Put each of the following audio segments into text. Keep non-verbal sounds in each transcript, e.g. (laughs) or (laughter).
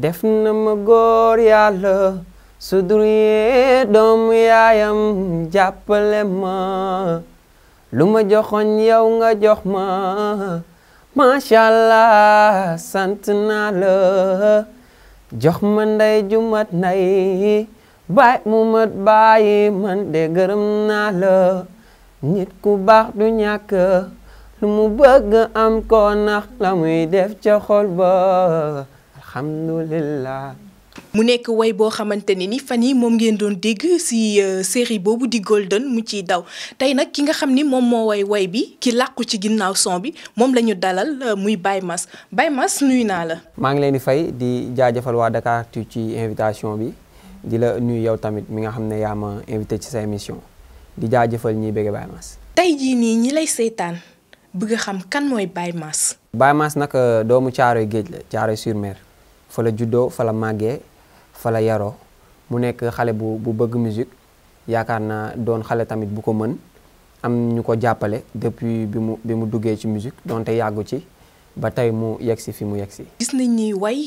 def na ma góor yàlla su duryee doomu ma lu ma joxoon yow nga jox ma macha allah sant jox ma ndey jumat nay baay mu mat bàyyi man de gërëm nal la ku baax du ñàkk lu mu bëgg am ko nax la muy def ca xol ba alhamdulillah mu nekk woy boo xamante ne ni fan yi moom ngeen doon dégg si euh, série boobu di Golden mu ciy daw tey nag ki nga xam ni moom moo woy woy bi ki làqu ci ginnaaw son bi moom lañu dalal euh, muy bay Mass bay Mass nuyu naa la. maa ngi leen di fay di jaajëfal waa Dakaractu ci invitation bi di la nuyu yow tamit mi nga xam ne yaa invité ci sa émission di jaajëfal ñi bëgg Baye Mass. tey jii nii ñi lay seetaan bëgg xam kan mooy bay Mass. Baye Mass nag euh, doomu Caaroy géej la Caaroy sur fa la juddoo fa la màggee fa la yaroo mu nekk xale bu bëgg musique yaakaar naa doon xale tamit bu ko mën am ñu ko jàppale depuis bi mu bi mu duggee ci musique donte yàggu ci ba tey mu yegg si fi mu yegg si. gis nañ ñuy way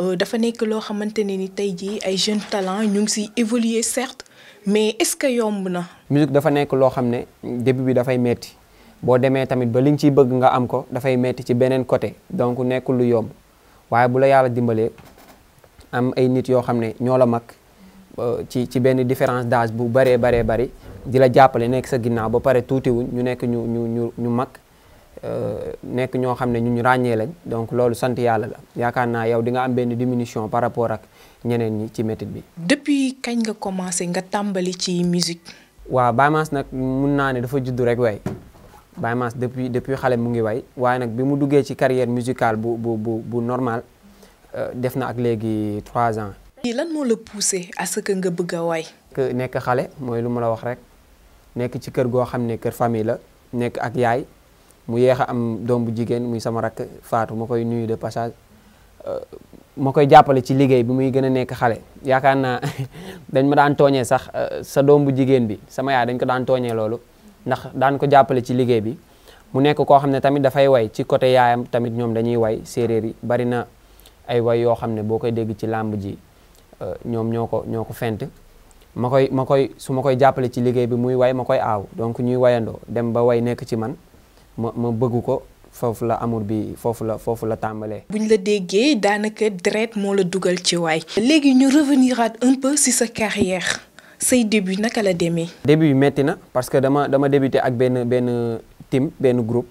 euh, dafa nekk loo xamante ne ni tey jii ay jeunes talent ñu ngi siy évoluer certes mais est-ce que yomb na. musique dafa nekk loo xam ne début bi dafay metti boo demee tamit ba li nga ciy bëgg nga am ko dafay metti ci beneen côté donc nekkul lu yomb. waaye bu la yàlla dimbalee am ay nit yoo xam ne ñoo la mag euh, ci ci benn différence d'âge bu baree baree bari di la jàppale nekk sa ginnaaw ba pare tuutiwuñ ñu nekk ñu ñu ñu ñu mag euh, nekk ñoo xam ne ñu ñu ràññee lañ donc loolu sant yàlla la yaakaar naa yow di nga am benn diminution par rapport ak ñeneen ñi ci métit bi. depuis kañ nga commencé nga tàmbali ci musique. waaw Baye Mass nag mun naa ne dafa juddu rek way Baye Mass depuis depuis xale mu ngi way waaye nag bi mu duggee ci carrière musicale bu bu bu bu normal euh, def na ak léegi trois ans. lan moo la poussé à que nga bëgg a way. nekk xale mooy lu ma la wax rek nekk ci kër goo xam ne kër famille la nekk ak yaay mu yéex a am doom bu jigéen muy sama rakk Faatu ma koy nuyu de passage euh, ma koy jàppale ci liggéey bi muy gën a nekk xale yaakaar naa (laughs) dañ ma daan tooñee sax euh, sa doom bu jigéen bi sama yaay dañ ko daan tooñee loolu. ndax daan ko jàppale ci liggéey bi mu nekk koo xam ne tamit dafay way ci côté yaayam tamit ñoom dañuy way séeréer yi bari na ay way yoo xam ne boo koy dégg ci làmb ji euh, ñoom ñoo ko ñoo ko fent ma koy ma koy su ma koy jàppale ci liggéey bi muy way ma koy aaw donc ñuy wayandoo dem ba way nekk ci man ma ma bëgg ko foofu la amur bi foofu la foofu la tàmbalee. bu ñu la déggee daanaka deret moo la dugal ci waay. léegi ñu reveniraat un peu ci sa carrière. say début naka la demee. début yi métti na parce que dama dama débuté ak benn benn team benn group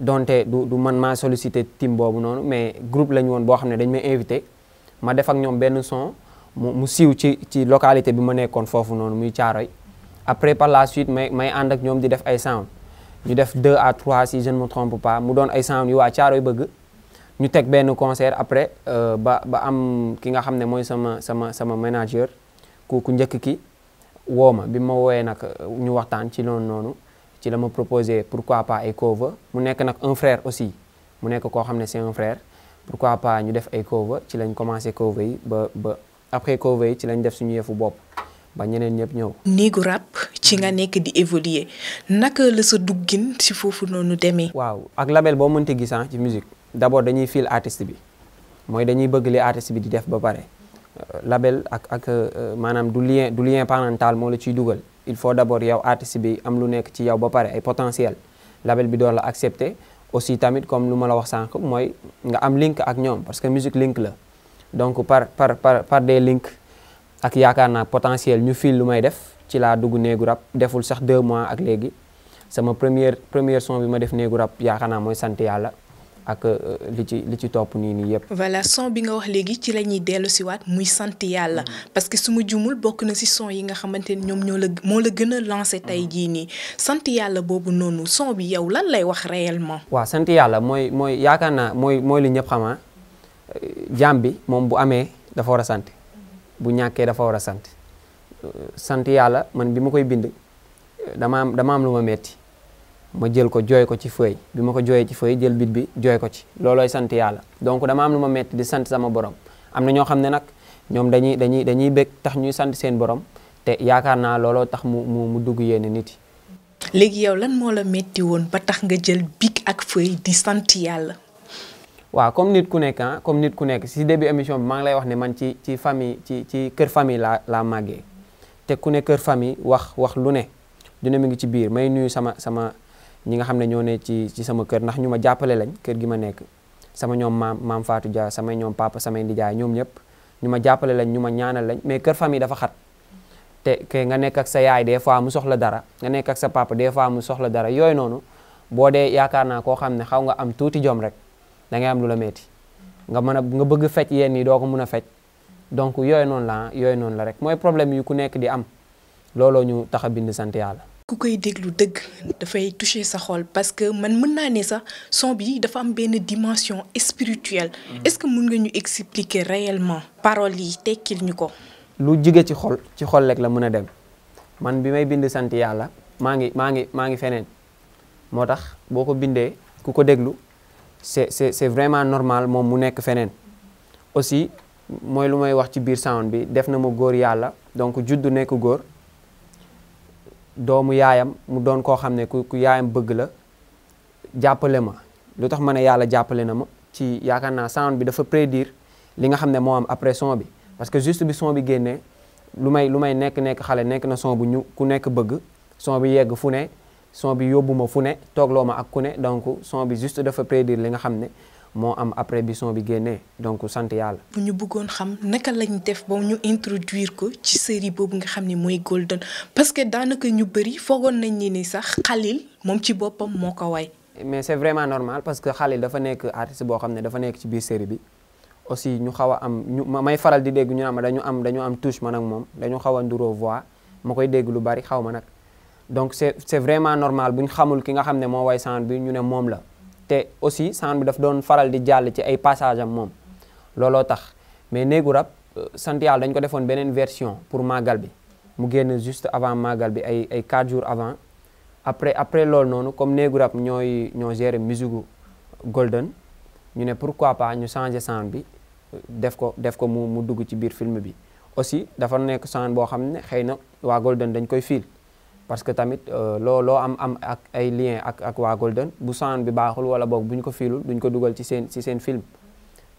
donte du du man maa sollicité team boobu noonu mais group la ñu woon boo xam ne dañ ma invité ma def ak ñoom benn son mu mu siiw ci ci localité bi ma nekkoon foofu noonu muy Caaroy après par la suite may ànd ak ñoom di def ay sound ñu def 2 à 3 si je ne me trompe pas mu doon ay sound yu waa Caaroy bëgg. ñu teg benn concert après euh, ba ba am ki nga xam ne mooy sama sama sama manager ku njëkk ki woo ma bi ma wooyee nag euh, ñu waxtaan ci loolu noonu ci la ma proposé pourquoi pas ay cover mu nekk nag un frère aussi mu nekk koo xam ne c'est un frère pourquoi pas ñu def ay cover ci lañ commencé cover yi ba ba après cover ci lañ def suñu yëfu bopp ba ñeneen ñëpp ñëw. néegu rap ci nga nekk di évoluer naka la sa duggin si foofu noonu demee. waaw ak label boo mënti gis ah, ci musique d'abord dañuy fil artiste bi mooy dañuy bëgg li artiste bi di def ba pare. label ak ak euh, maanaam du lien du lien parental moo la ciy dugal il faut d'abord yow artiste bi am lu nekk ci yow ba pare ay potentiel label bi door la accepter aussi tamit comme lu ma la wax sànq mooy nga am link ak ñoom parce que musique link la donc par par par par des link ak yaakaar naa potentiel ñu fil lu may def ci laa dugg néegu rap deful sax deux mois ak léegi sama première première son bi ma def néegu rap yaakaar naa mooy sant yàlla ak euh, li ci li ci topp nii nii yëpp. voilà bi nga wax léegi ci la ñuy dellu si muy sant yàlla mm. parce que su ma jumul bokk na si son yi nga xamante ni ñoom ñoo la moo la gën a lancé tey mm. jii nii sant yàlla boobu noonu son bi yow lan lay wax réellement. waa sant yàlla mooy mooy yaakaar naa mooy mooy li ñëpp xamaa euh, jaam bi moom bu amee dafa war a sant bu ñàkkee dafa war a sant euh, sant yàlla man bi ma koy bind dama am dama am lu ma metti ma jël ko jooy ko ci feuille bi ma ko jooyee ci feuille jël bit bi jooy ko ci loolooy sant yàlla donc dama am lu ma metti di sant sama borom am na ñoo xam ne nag ñoom dañuy dañuy dañuy bëgg tax ñuy sant seen borom te yaakaar naa looloo tax mu mu mu dugg yenn nit yi. léegi yow lan moo la metti woon ba tax nga jël bic ak feuille di sant yàlla. waa comme nit ku nekk ah comme nit ku nekk si début émission bi maa ngi lay wax ni man ci ci famille ci ci kër famille laa laa màggee te ku ne kër famille wax wax lu ne dina mu ngi ci biir may nuyu sama sama. ñi nga xam ne ñoo ne ci ci sama kër ndax ñu ma jàppale lañ kër gi ma nekk sama ñoom maam maam faatu Dia samay ñoom papa samay ndijaay ñoom ñëpp ñu ma jàppale lañ ñu ma ñaanal lañ mais kër famille dafa xat te ke nga nekk ak sa yaay des fois mu soxla dara nga nekk ak sa papa des fois mu soxla dara yooyu noonu boo dee yaakaar naa koo xam ne xaw nga am tuuti jom rek dangay am lu la metti nga mën a nga bëgg fecc yenn yi doo ko mun a fecc donc yooyu noonu la yooyu noonu la rek mooy problème yu ku nekk di am looloo ñu tax a bind sant yàlla ku koy déglu dëgg dafay toucher sa xol parce que man mën naa ne sax son bi dafa am benn dimension spirituelle. Mm-hmm. est-ce que mun nga ñu expliquer réellement. paroles yi tekkil ñu ko. lu jóge ci xol ci xol rek la mën a dem man bi may bind sant yàlla maa ngi maa ngi maa ngi feneen moo tax boo ko bindee ku ko déglu c'est c'est c'est vraiment normal moom mu nekk feneen aussi mooy lu may wax ci biir sound bi def na ma góor yàlla donc juddu nekk góor. doomu yaayam mu doon koo xam ne ku ku yaayam bëgg la jàppale ma lu tax ma ne yàlla jàppale na ma ci yaakaar naa sound bi dafa prédire li nga xam ne moo am après son bi parce que juste bi son bi génnee lu may lu may nekk nekk xale nekk na son bu ñu ku nekk bëgg son bi yegg fu ne son bi yóbbu ma fu ne toogloo ma ak ku ne donc son bi juste dafa prédire li nga xam ne moo am après bi bi génnee donc sant yàlla. bu ñu bëggoon xam naka lañu def boo ñu introduire ko ci série boobu nga xam ne mooy Golden parce que daanaka ñu bëri foogoon nañ ni ni sax Khalil moom ci boppam moo ko way. mais c'est vraiment normal parce que Khalil dafa nekk artiste boo xam ne dafa nekk ci biir série bi aussi ñu xaw a am ñu may faral di dégg ñu naan ma dañu am dañu am touche man nag moom dañu xaw a nduroo voix ma koy dégg lu bari xaw ma nag donc c'est c'est vraiment normal bu ñu xamul ki nga xam ne moo way sound bi ñu ne moom la. te aussi sound bi daf doon faral di jàll ci ay passage am moom looloo tax mais néegu rab euh, sant yàlla dañ ko defoon beneen version pour màggal bi mu génn juste avant màggal bi ay ay 4 jours avant après après loolu noonu comme néegu rab ñooy ñoo gérer musique golden ñu ne pourquoi pas ñu changer sound bi euh, def ko def ko mu mu dugg ci biir film bi aussi dafa nekk sound boo xam ne xëy na waa golden dañ koy fiil parce que tamit euh, loo loo am am ak ay lien ak ak waa Golden bu sound bi baaxul wala boog bu ñu ko fiilul duñ ko dugal ci seen ci seen film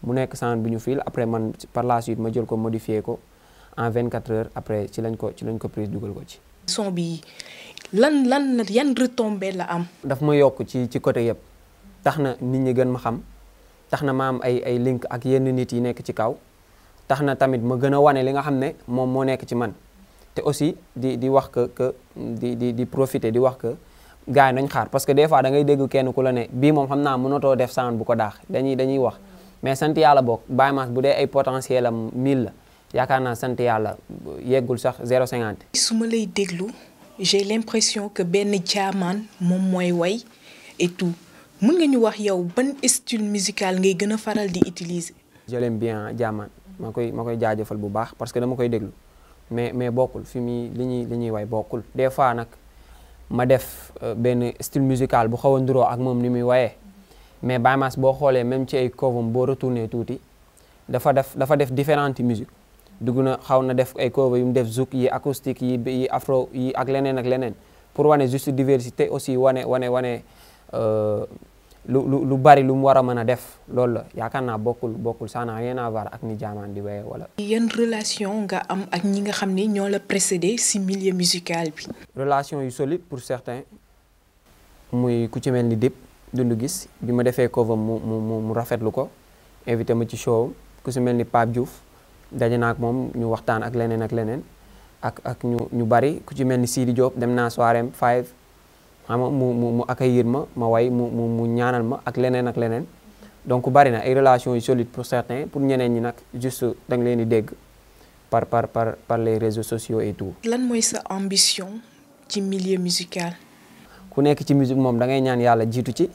mu nekk sound bu ñu fiil après man par la suite ma jël ko modifier ko en vingt quatre heures après ci lañ ko ci lañ ko prise dugal ko ci. son bi lan lan yan retombées la am. dafa ma yokk ci ci côté yëpp tax na nit ñi gën ma xam tax na ma am ay ay link ak yenn nit yi nekk ci kaw tax na tamit ma gën a wane li nga xam ne moom moo nekk ci man. te aussi di di wax que que di di di profiter di wax que gars yi nañ xaar parce que des fois da ngay dégg kenn ku la ne bii moom xam naa mënatoo def sound bu ko daax dañuy dañuy wax mais sant yàlla boog Baye Mass bu dee ay potentiel am 1000 la yaakaar naa sant yàlla yeggul sax 0,50. su ma lay déglu j'ai l'impression que benn jaamaan moom mooy way et tout mën nga ñu wax yow ban style musical ngay gën a faral di utiliser. je bien jaamaan maa koy ma koy jaajëfal bu baax parce que dama koy déglu. mais mais bokkul fi muy li ñuy li ñuy way bokkul des fois nag ma def euh, benn style musical bu xaw a nduroo ak moom ni muy wayee mais Baye Mass boo xoolee même ci ay covam boo retourné tuuti dafa def dafa def différentes musique dugg na xaw na def ay cover yu def zouk yi acoustique yi yi afro yi ak leneen ak leneen pour wane juste diversité aussi wane wane wane euh, lu lu lu bari lu mu war a mën a def loolu la yaakaar naa bokkul bokkul ça n'a rien à ak ni jaamaan di wéyee wala. yan relation nga am ak ñi nga xam ni ñoo la précédé si milieu musical bi. relation yu solide pour certains muy ku ci mel ni Dip Doundou gis bi ma defee cover mu mu mu rafetlu ko invité ma ci show ku si mel ni Pape Diouf daje naa ak moom ñu waxtaan ak leneen ak leneen ak ak ñu ñu bari ku ci mel ni Sidi Diop dem naa soirée Five. xam nga mu mu mu accueillir ma ma way mu mu mu ñaanal ma ak leneen ak leneen donc bari na ay relations yu solides pour certains pour ñeneen ñi nag juste da nga leen di dégg par par par par les réseaux sociaux et tout. lan mooy sa ambition ci milieu musical. ku nekk ci musique moom da ngay ñaan yàlla jiitu ci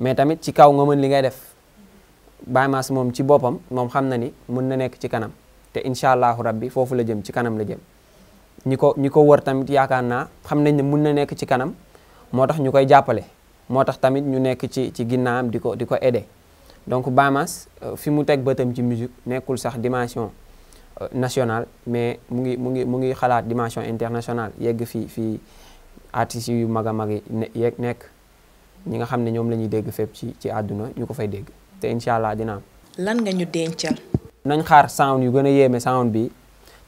mais tamit ci kaw nga mën li ngay def Baye Mass moom ci boppam moom xam na ni mën na nekk ci kanam te incha allahu rabbi foofu la jëm ci kanam la jëm ñi ko ñi ko wër tamit yaakaar naa xam nañ ne mën na nekk ci kanam. moo tax ñu koy jàppale moo tax tamit ñu nekk ci ci ginnaam di ko di ko aider donc baamas euh, fi mu teg bëtam ci musique nekkul sax dimension euh, national mais mu ngi mu ngi mu ngi xalaat dimension internationale yegg fii fii artistes yu mag a mag yi yegg nekk ñi nga xam ne ñoom la ñuy dégg fépp ci ci àdduna ñu ko fay dégg te incha allah dina am. lan nga ñu dencal. nañ xaar sound yu gën a yéeme sound bi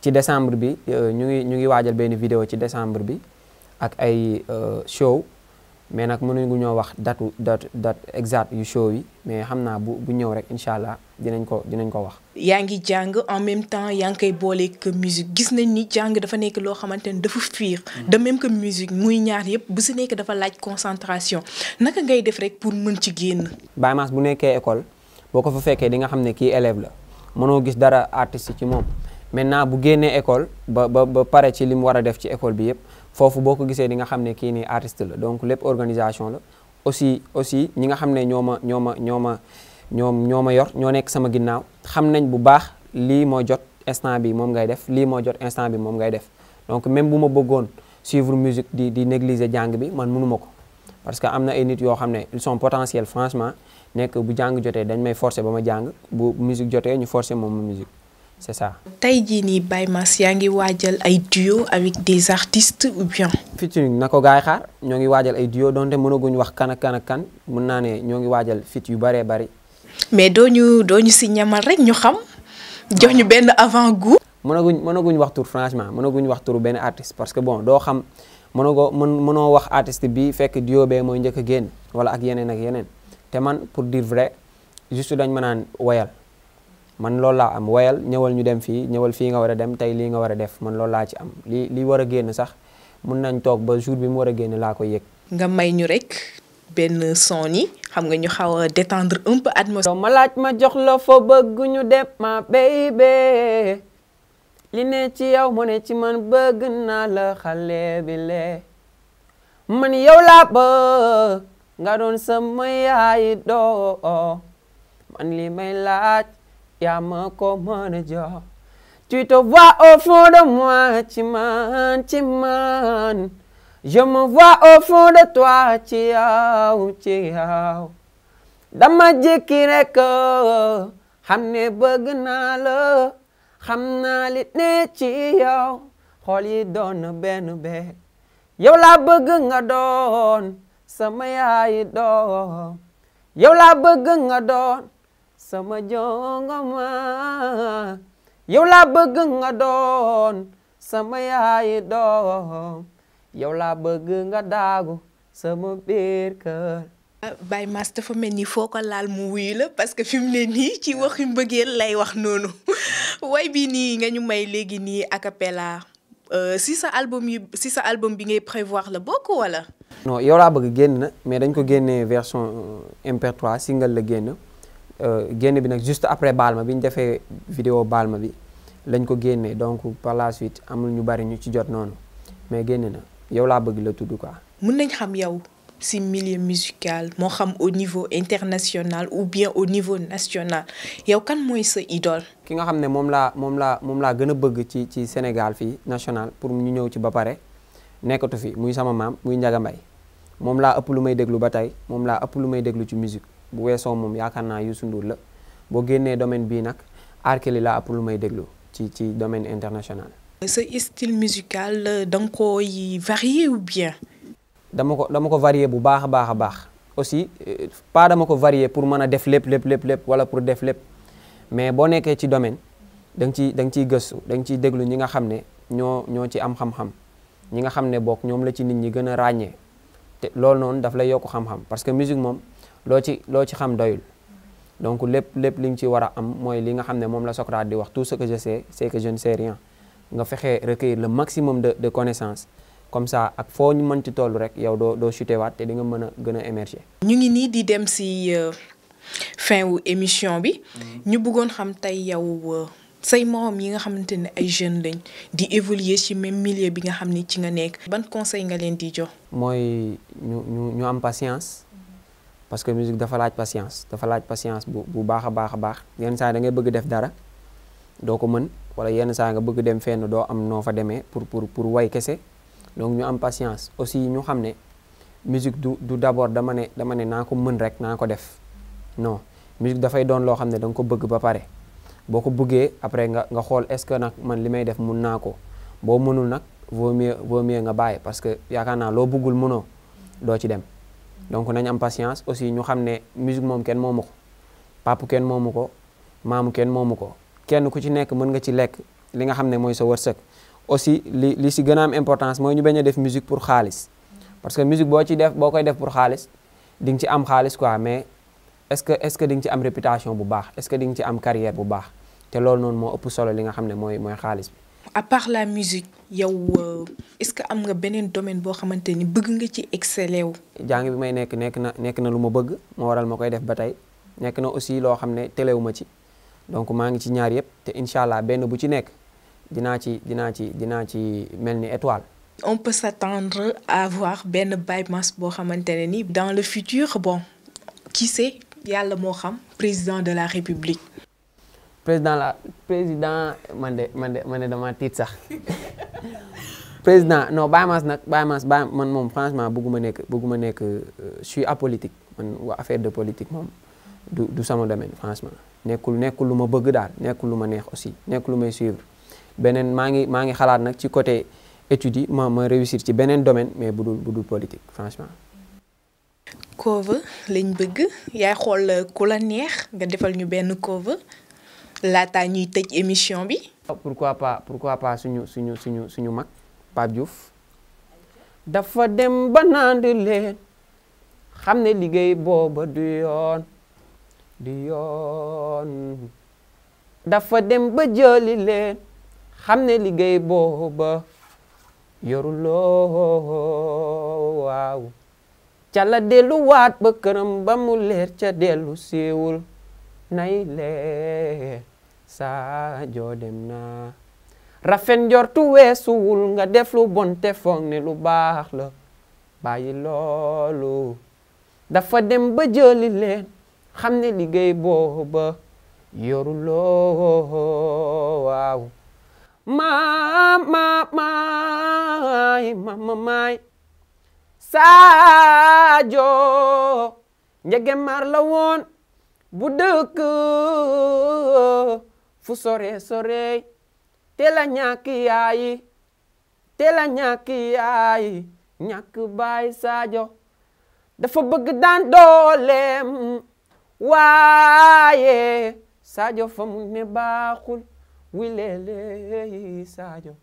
ci décembre bi euh, ñu ngi ñu ngi waajal benn vidéo ci décembre bi ak ay show. mais nag mënuñu ñoo wax datu date date exacte yu show yi mais xam naa bu bu ñëw rek incha allah dinañ ko dinañ ko wax. yaa ngi jàng en même temps yaa ngi koy booleeg musique gis nañ ni jàng dafa nekk loo xamante ni dafa fiir mm. de même que musique muy ñaar yëpp bu si nekk dafa laaj concentration naka ngay def rek pour mën ci génn. Baye Mass bu nekkee école boo ko fa fekkee di nga xam ne kii élève la mënoo gis dara artiste ci moom maintenant bu génnee école ba ba ba pare ci li mu war a def ci école bi yëpp. foofu boo ko gisee di nga xam ne kii nii artiste la donc lépp organisation la aussi aussi ñi nga xam ne ñoo ma ñoo ma ñoo ma ñoom ñoo ma yor ñoo nekk sama ginnaaw xam nañ bu baax lii moo jot instant bi moom ngay def lii moo jot instant bi moom ngay def donc même bu ma bëggoon suivre musique di di négliger jàng bi man mënuma ko parce que am na ay nit yoo xam ne ils son potentiels franchement nekk bu jàng jotee dañ may forcer ba ma jàng bu musique jotee ñu forcer moom ma musique c'est ça. tey jii nii Baye Mass yaa ngi waajal ay duo avec des artistes ou bien. yu na ko gaay xaar ñoo ngi waajal ay duo donte mënaguñ wax kan ak kan ak kan mën naa ne ñoo ngi waajal fit yu bëree bari mais doo ñu si ñamal rek ñu xam jox ñu benn avant goût. mënaguñ mënaguñ wax tur franchement mënaguñ wax turu benn artiste parce que bon doo xam mënagoo mën mënoo wax artiste bi fekk duo bee mooy njëkk génn wala ak yeneen ak yeneen te man pour dire vrai juste dañ mën naan woyal. man loolu laa am woyal ñëwal ñu dem fii ñëwal fii nga war a dem tey lii nga war a def man loolu laa ci am li li war a génn sax mun nañ toog ba jour bi mu war a génn laa ko yëg. nga may ñu rek benn son yi xam nga ñu xaw a détendre ma laaj ma jox la fa bëgg dem ma baby li ne ci yow mu ne ci man bëgg naa la xale bi lee man yow laa bëgg nga doon sa yaay doo man li may laaj. yaa ma ko mën a jox tu te vois au fond de moi ci man ci man je dama jékki rek ne bëgg naa la ne ci yow yi doon na benn benn yow laa bëgg doon sama yaay doon yow laa bëgg doon sama jongoma yow laa bëgg nga doon sama yaay doom yow laa bëgg nga daagu sama biir kër. Ah, Baye Mass mel nii foo ko laal mu wuyu la parce que fi mu ne nii ci waxi mbëggeel lay wax noonu (laughs) way bii nii nga ñu may léegi nii a cappella euh, si sa album yi si sa album bi ngay prévoir la bokk wala. non yow laa bëgg génn na mais dañ ko génnee version euh, MP3 single la génn. Euh, génn bi nag juste après Balma bi ñu defee video vidéo ma bi lañ ko génnee donc par la suite amul ñu bari ñu ci jot noonu mais génn na yow laa bëgg la tudd quoi. mun nañ xam yow si milieu musical moo xam au niveau international ou bien au niveau national yow kan mooy sa idole. ki nga xam ne moom laa moom laa moom laa gën a bëgg ci ci Sénégal fii national pour ñu ñëw ci ba pare nekkatu fi muy sama maam muy Ndiaga Mbaye moom laa ëpp lu may déglu ba tey moom laa ëpp lu may déglu ci musique bu weesoo moom yaakaar naa Youssou Ndour la boo génnee domaine bii nag R la laa ëpp lu may déglu ci ci domaine international. sa style musical euh, da nga koy varier ou bien. dama ko dama ko varier bu baax a baax a baax aussi euh, pas dama ko varier pour mën a def lépp lépp lépp lépp wala pour def lépp mais boo nekkee ci domaine da nga ciy da ciy gëstu da nga ciy déglu ñi nga xam ne ñoo ñoo ci am xam-xam ñi nga xam ne bokk ñoom la ci nit ñi gën a ràññee te loolu noonu daf lay yokk xam-xam parce que musique moom. loo ci loo ci xam doyul donc lépp lépp li nga ci war a am mooy li nga xam ne moom la Socrate di wax tout sa que je sais c'est que je ne sais rien nga fexe recueillir le maximum de de connaissances comme ça ak foo ñu mën toll rek yow doo doo chuté waat te di nga mën a gën a émerger. ñu ngi nii di dem si euh, fin wu émission bi. Mm-hmm. ñu buggoon xam tey yow euh, say morom yi nga xamante ne ay jeunes lañ di évoluer ci même millier bi nga xam ni ci nga nekk. ban conseil nga leen di jox. mooy ñu ñu ñu am patience. parce que musique dafa laaj patience dafa laaj patience bu bu baax a baax a baax yenn saa da bëgg def dara doo ko mën wala yenn saa nga bëgg dem fenn doo am noo fa demee pour pour pour way kese donc ñu am patience aussi ñu xam ne musique du du d'abord dama ne dama ne naa ko mën rek naa ko def non musique dafay doon loo xam ne da nga ko bëgg ba pare boo ko buggee après nga nga xool est-ce que nag man li may def mun naa ko boo mënul nag vaut mieux vaut mieux nga bàyyi parce que yaakaar naa loo bëggul mënoo doo ci dem donc nañ am patience aussi ñu xam ne musique moom kenn moomu ko papa kenn moomu ko maamu kenn moomu ko kenn ku ci nekk mën nga ci lekk li nga xam ne mooy sa warsëg aussi li li si gën a am importance mooy ñu bañ a def musique pour xaalis parce que musique boo ci def boo koy def pour xaalis di nga ci am xaalis quoi mais est-ce que est-ce que di nga ci am réputation bu baax est-ce que ci am carrière bu baax te loolu noonu moo ëpp solo li nga xam ne mooy mooy xaalis bi à part la musique yow euh, est-ce que am nga beneen domaine boo xamante ni bëgg nga ci exceller wu. jàng bi may nekk nekk na nekk na lu ma bëgg moo waral ma koy def ba tey nekk na aussi loo xam ne telewu ma ci donc maa ngi ci ñaar yëpp te incha allah benn bu ci nekk dinaa ci dinaa ci dinaa ci mel ni étoile. on peut s'attendre à avoir benn Baye Mass boo xamante ne ni dans le futur bon qui sait yàlla moo xam président de la république. président la président man de man de man de dama tiit sax président non Baye nag Baye Mass Baye man moom franchement bëgguma nekk bëgguma nekk euh, je suis apolitique man waa affaire de politique moom du du sama domaine franchement nekkul nekkul lu ma bëgg daal nekkul lu ma neex aussi nekkul lu may suivre beneen maa ngi maa ngi xalaat nag ci côté études ma ma réussir ci beneen domaine mais bu dul bu dul politique franchement. cover lañ bëgg yaay xool ku la neex nga defal ñu benn cover. laataa ñuy tëj émission bi. Oh, pourquoi pas pourquoi pas suñu suñu suñu suñu mag Pape Diouf dafa dem ba naan leen xam ne liggéey booba du yoon du yoon dafa dem ba jëli leen xam ne liggéey booba yoruloo waaw ca la delluwaat ba këram ba mu leer ca dellu siiwul nay leer Sadio dem na rafet njortu weesuwul nga deflu lu bon te foog ne lu baax la bàyyi loolu dafa dem ba jëli leen xam ne liggéey booba yoru loo waaw ma ma maay ma ma maay mar la woon bu dëkk fu sore sore teel a ñàkk yaay teel a ñàkk yaay ñàkk dafa bëgg daan dooleem waaye Sadio fa mu ne baaxul wileeleyi Sadio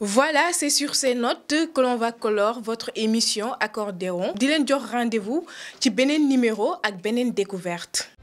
Voilà, c'est sur ces notes que l'on va clore votre émission Accordéon. Di leen jox rendez-vous ci beneen numéro ak beneen découverte